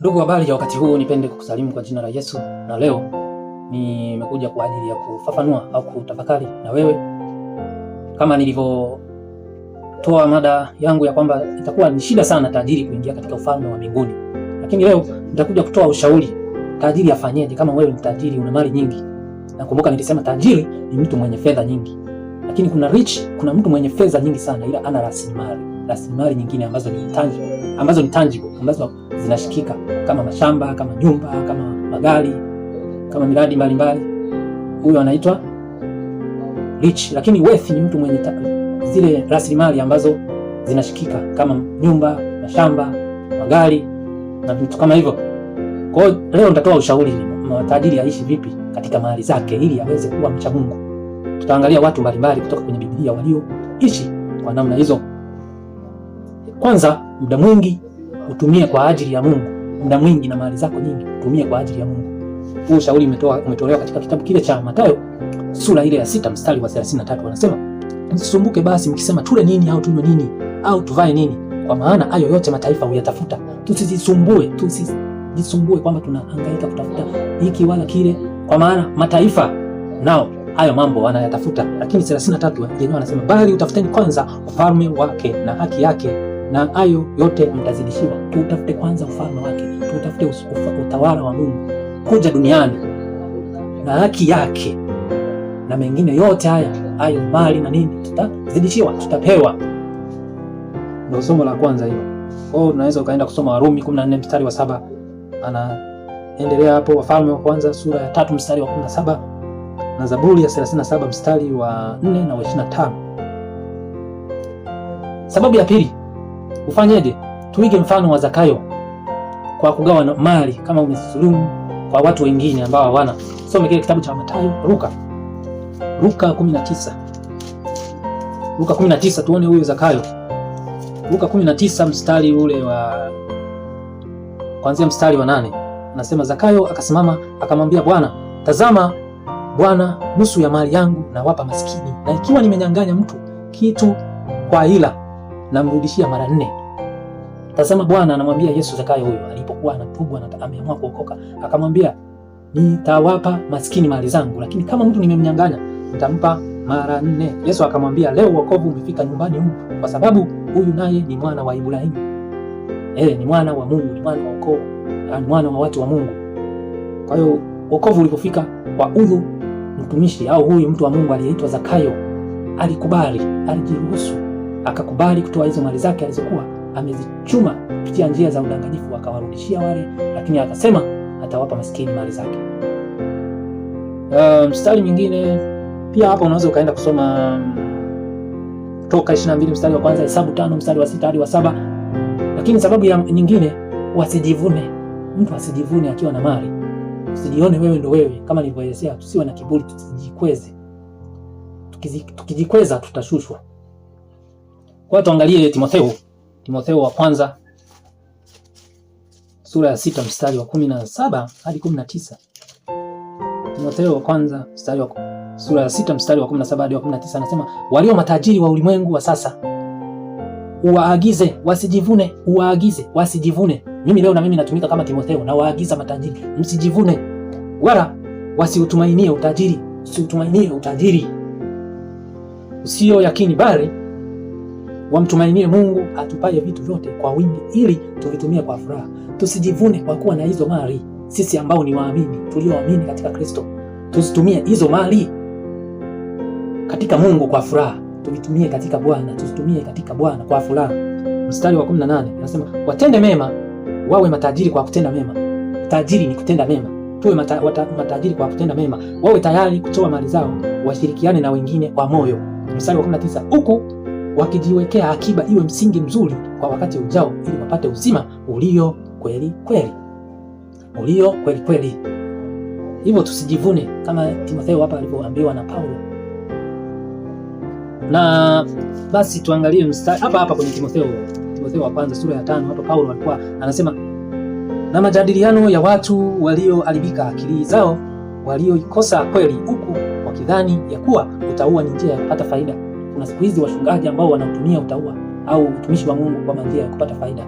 Ndugu, habari ya wakati huu, nipende kukusalimu kwa jina la Yesu, na leo nimekuja kwa ajili ya kufafanua au kutafakari na wewe kama nilivyotoa mada yangu ya kwamba itakuwa ni shida sana tajiri kuingia katika ufalme wa mbinguni, lakini leo nitakuja kutoa ushauri tajiri afanyeje kama wewe ni tajiri, una mali nyingi. Nakumbuka nilisema tajiri ni mtu mwenye fedha nyingi, lakini kuna rich, kuna mtu mwenye fedha nyingi sana, ila ana rasilimali rasilimali nyingine ambazo ni tangible, ambazo ni tangible, ambazo zinashikika kama mashamba, kama nyumba, kama magari, kama miradi mbalimbali. Huyo anaitwa rich, lakini wealth ni mtu mwenye zile rasilimali ambazo zinashikika kama nyumba, mashamba, magari na vitu kama hivyo. Kwa hiyo leo nitatoa ushauri matajiri aishi vipi katika mali zake ili aweze kuwa mcha Mungu. Tutaangalia watu mbalimbali kutoka kwenye Biblia walioishi kwa namna hizo. Kwanza, muda mwingi utumie kwa ajili ya Mungu muda mwingi na mali zako nyingi utumie kwa ajili ya Mungu. Huu shauri umetoa umetolewa katika kitabu kile cha Mathayo sura ile ya sita mstari wa 33, anasema msisumbuke basi mkisema tule nini au tunywe nini au tuvae nini, kwa maana hayo yote mataifa huyatafuta. Tusijisumbue, tusijisumbue kwamba tunahangaika kutafuta hiki wala kile, kwa maana mataifa nao hayo mambo wanayatafuta. Lakini 33 yenyewe anasema bali utafuteni kwanza ufalme wake na haki yake na hayo yote mtazidishiwa. Tutafute kwanza ufalme wake, tutafute utawala wa Mungu kuja duniani na haki yake, na mengine yote haya hayo, mali na nini, tutazidishiwa, tutapewa. Ndio somo la kwanza hilo. Kwa oh, hiyo unaweza ukaenda kusoma Warumi 14 mstari wa saba, anaendelea hapo. Wafalme wa kwanza sura ya tatu mstari wa 17 na Zaburi ya 37 mstari wa 4 na wa 25. Sababu ya pili ufanyeje? Tuige mfano wa Zakayo kwa kugawa mali kama umesulumu kwa watu wengine ambao hawana. Soma kile kitabu cha Mathayo, Luka. Luka 19. Luka 19 tuone huyo Zakayo. Luka 19 mstari ule wa kuanzia mstari wa nane. Anasema Zakayo akasimama akamwambia Bwana, tazama Bwana, nusu ya mali yangu nawapa maskini, na ikiwa nimenyang'anya mtu kitu kwa hila, namrudishia mara nne. Tazama Bwana anamwambia Yesu Zakayo huyo alipokuwa anatubwa na ameamua kuokoka, akamwambia nitawapa maskini mali zangu, lakini kama mtu nimemnyang'anya nitampa mara nne. Yesu akamwambia leo wokovu umefika nyumbani humu, kwa sababu huyu naye ni mwana wa Ibrahimu. Eh, ni mwana wa Mungu, ni mwana wa ukoo, ah, ni mwana wa watu wa Mungu. Kwa hiyo wokovu ulipofika kwa huyu mtumishi au huyu mtu wa Mungu aliyeitwa Zakayo, alikubali, alijiruhusu, akakubali kutoa hizo mali zake alizokuwa amezichuma kupitia njia za udanganyifu, akawarudishia wale, lakini akasema atawapa maskini mali zake. Uh, mstari mwingine pia hapa unaweza ukaenda kusoma um, toka 22 mstari wa kwanza, Hesabu tano mstari wa sita hadi wa saba. Lakini sababu ya nyingine, wasijivune. Mtu asijivune akiwa na mali, usijione wewe ndio wewe. Kama nilivyoelezea, tusiwe na kiburi, tusijikweze. Tukijikweza tutashushwa. Kwa hiyo tuangalie Timotheo Timotheo wa kwanza sura ya sita mstari wa kumi na saba hadi kumi na tisa. Timotheo wa kwanza mstari wa sura ya sita mstari wa kumi na saba hadi wa kumi na tisa anasema, walio matajiri wa ulimwengu wa sasa uwaagize wasijivune, uwaagize wasijivune. Mimi leo na mimi natumika kama Timotheo, na waagiza matajiri msijivune, wala wasiutumainie utajiri, usiutumainie utajiri usio yakini, bali wamtumainie Mungu atupaye vitu vyote kwa wingi, ili tuvitumie kwa furaha, tusijivune kwa kuwa na hizo mali. Sisi ambao ni waamini tulioamini katika Kristo, tusitumie hizo mali katika Mungu kwa furaha, tuvitumie katika Bwana, tuzitumie katika Bwana kwa furaha. Mstari wa 18 anasema watende mema, wawe matajiri kwa kutenda mema. Tajiri ni kutenda mema, tuwe mata, wata, matajiri kwa kutenda mema, wawe tayari kutoa mali zao, washirikiane na wengine kwa moyo. Mstari wa 19 huku wakijiwekea akiba iwe msingi mzuri kwa wakati ujao, ili wapate uzima ulio kweli kweli, ulio kweli kweli. Hivyo tusijivune kama Timotheo hapa alivyoambiwa na Paulo. Na basi tuangalie mstari hapa hapa kwenye Timotheo, Timotheo wa kwanza sura ya tano. Hapa Paulo alikuwa anasema, na majadiliano ya watu walioharibika akili zao, walioikosa kweli, huku wakidhani ya kuwa utaua ni njia ya kupata faida kuna siku hizi washungaji ambao wanatumia utaua au utumishi wa Mungu kwa njia ya kupata faida.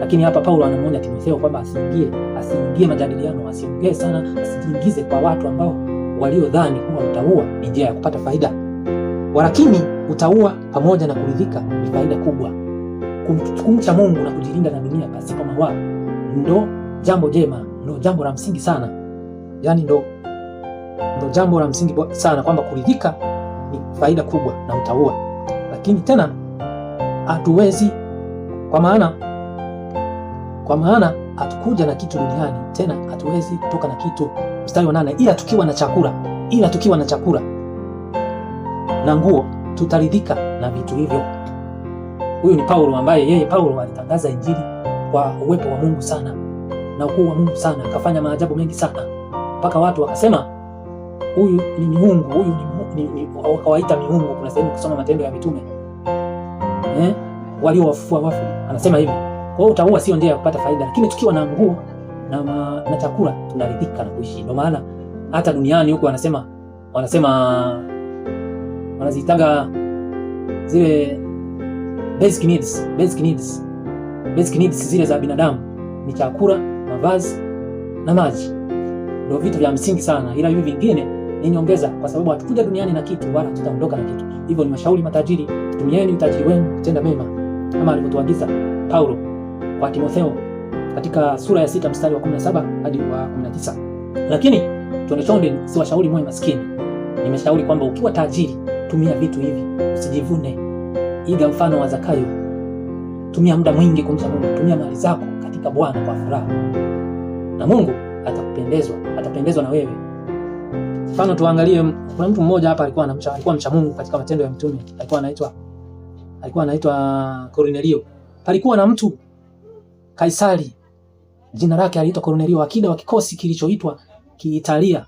Lakini hapa Paulo anamwonya Timotheo kwamba asiingie, asiingie majadiliano, asiongee sana, asijiingize kwa watu ambao waliodhani kuwa utaua ni njia ya kupata faida. Walakini utaua pamoja na kuridhika ni faida kubwa. Kumcha Mungu na kujilinda na dunia pasipo mawaa ndo jambo jema, ndo jambo la msingi sana, yaani ndo ndo jambo la msingi sana kwamba kuridhika faida kubwa na utaua. Lakini tena hatuwezi kwa maana kwa maana hatukuja na kitu duniani, tena hatuwezi kutoka na kitu. Mstari wa nane, ila tukiwa na chakula, ila tukiwa na chakula na nguo tutaridhika na vitu hivyo. Huyu ni Paulo ambaye yeye Paulo alitangaza injili kwa uwepo wa Mungu sana na ukuu wa Mungu sana, akafanya maajabu mengi sana mpaka watu wakasema huyu ni Mungu, huyu ni wakawaita miungu. Kuna sehemu kusoma Matendo ya Mitume eh, wafua wafu, anasema hivi. Kwa hiyo utaua sio ndio ya kupata faida, lakini tukiwa na nguo na, na chakula tunaridhika na kuishi. Ndio maana hata duniani huko wanasema wanasema wanazitanga zile basic needs, basic needs, basic needs zile za binadamu ni chakula, mavazi na maji, ndio vitu vya msingi sana, ila hivi vingine ni nyongeza, kwa sababu hatukuja duniani na kitu wala tutaondoka na kitu. Hivyo ni mashauri matajiri, tumieni utajiri wenu kutenda mema kama alivyotuagiza Paulo kwa Timotheo katika sura ya sita mstari wa 17 hadi wa 19. Lakini tuonechonde si washauri mwe maskini. Nimeshauri kwamba ukiwa tajiri tumia vitu hivi, usijivune. Iga mfano wa Zakayo. Tumia muda mwingi kumcha Mungu, tumia mali zako katika Bwana kwa furaha. Na Mungu atakupendezwa, atapendezwa na wewe. Mfano tuangalie, kuna mtu mmoja hapa alikuwa anamcha, alikuwa mcha Mungu katika matendo ya mtume. Alikuwa anaitwa alikuwa anaitwa Cornelio. Palikuwa na mtu Kaisari, jina lake aliitwa Cornelio, akida wa kikosi kilichoitwa Kiitalia,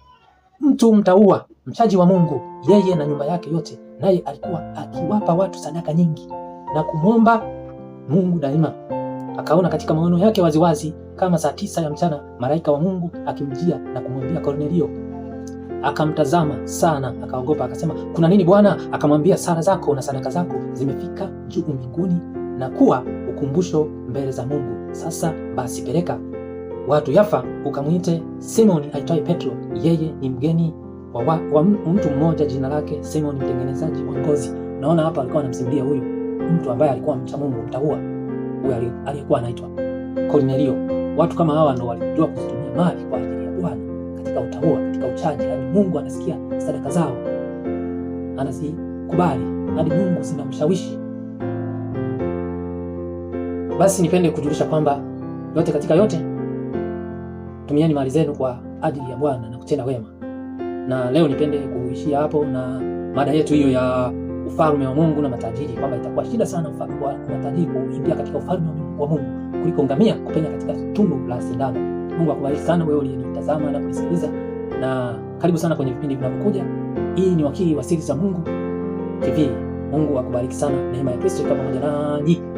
mtu mtaua, mchaji wa Mungu, yeye na nyumba yake yote, naye alikuwa akiwapa watu sadaka nyingi na kumwomba Mungu daima. Akaona katika maono yake waziwazi kama saa tisa ya mchana malaika wa Mungu akimjia na kumwambia Cornelio Akamtazama sana akaogopa, akasema kuna nini Bwana? Akamwambia, sara zako na sadaka zako zimefika juu mbinguni na kuwa ukumbusho mbele za Mungu. Sasa basi pereka watu Yafa, ukamwite Simoni aitwaye Petro, yeye ni mgeni wa, wa, wa mtu mmoja jina lake Simoni mtengenezaji wa ngozi. Naona hapa alikuwa anamsimulia huyu mtu ambaye alikuwa mcha Mungu, mtaua huyo aliyekuwa anaitwa Kornelio. Watu kama hawa ndio walijua kuzitumia mali kwa ajili ya Bwana katika utaua katika uchaji, yaani Mungu anasikia sadaka zao, anazikubali hadi yaani Mungu zinamshawishi. Basi nipende kujulisha kwamba yote katika yote, tumieni mali zenu kwa ajili ya Bwana na kutenda wema. Na leo nipende kuishia hapo na mada yetu hiyo ya ufalme wa Mungu na matajiri, kwamba itakuwa shida sana ufalme kwa matajiri kuingia katika ufalme wa Mungu kuliko ngamia kupenya katika tundu la sindano. Mungu akubariki sana wewe uliyenitazama na kunisikiliza na karibu sana kwenye vipindi vinavyokuja. Hii ni Wakili wa Siri za Mungu TV. Mungu akubariki sana, neema ya Kristo ikawa pamoja nanyi.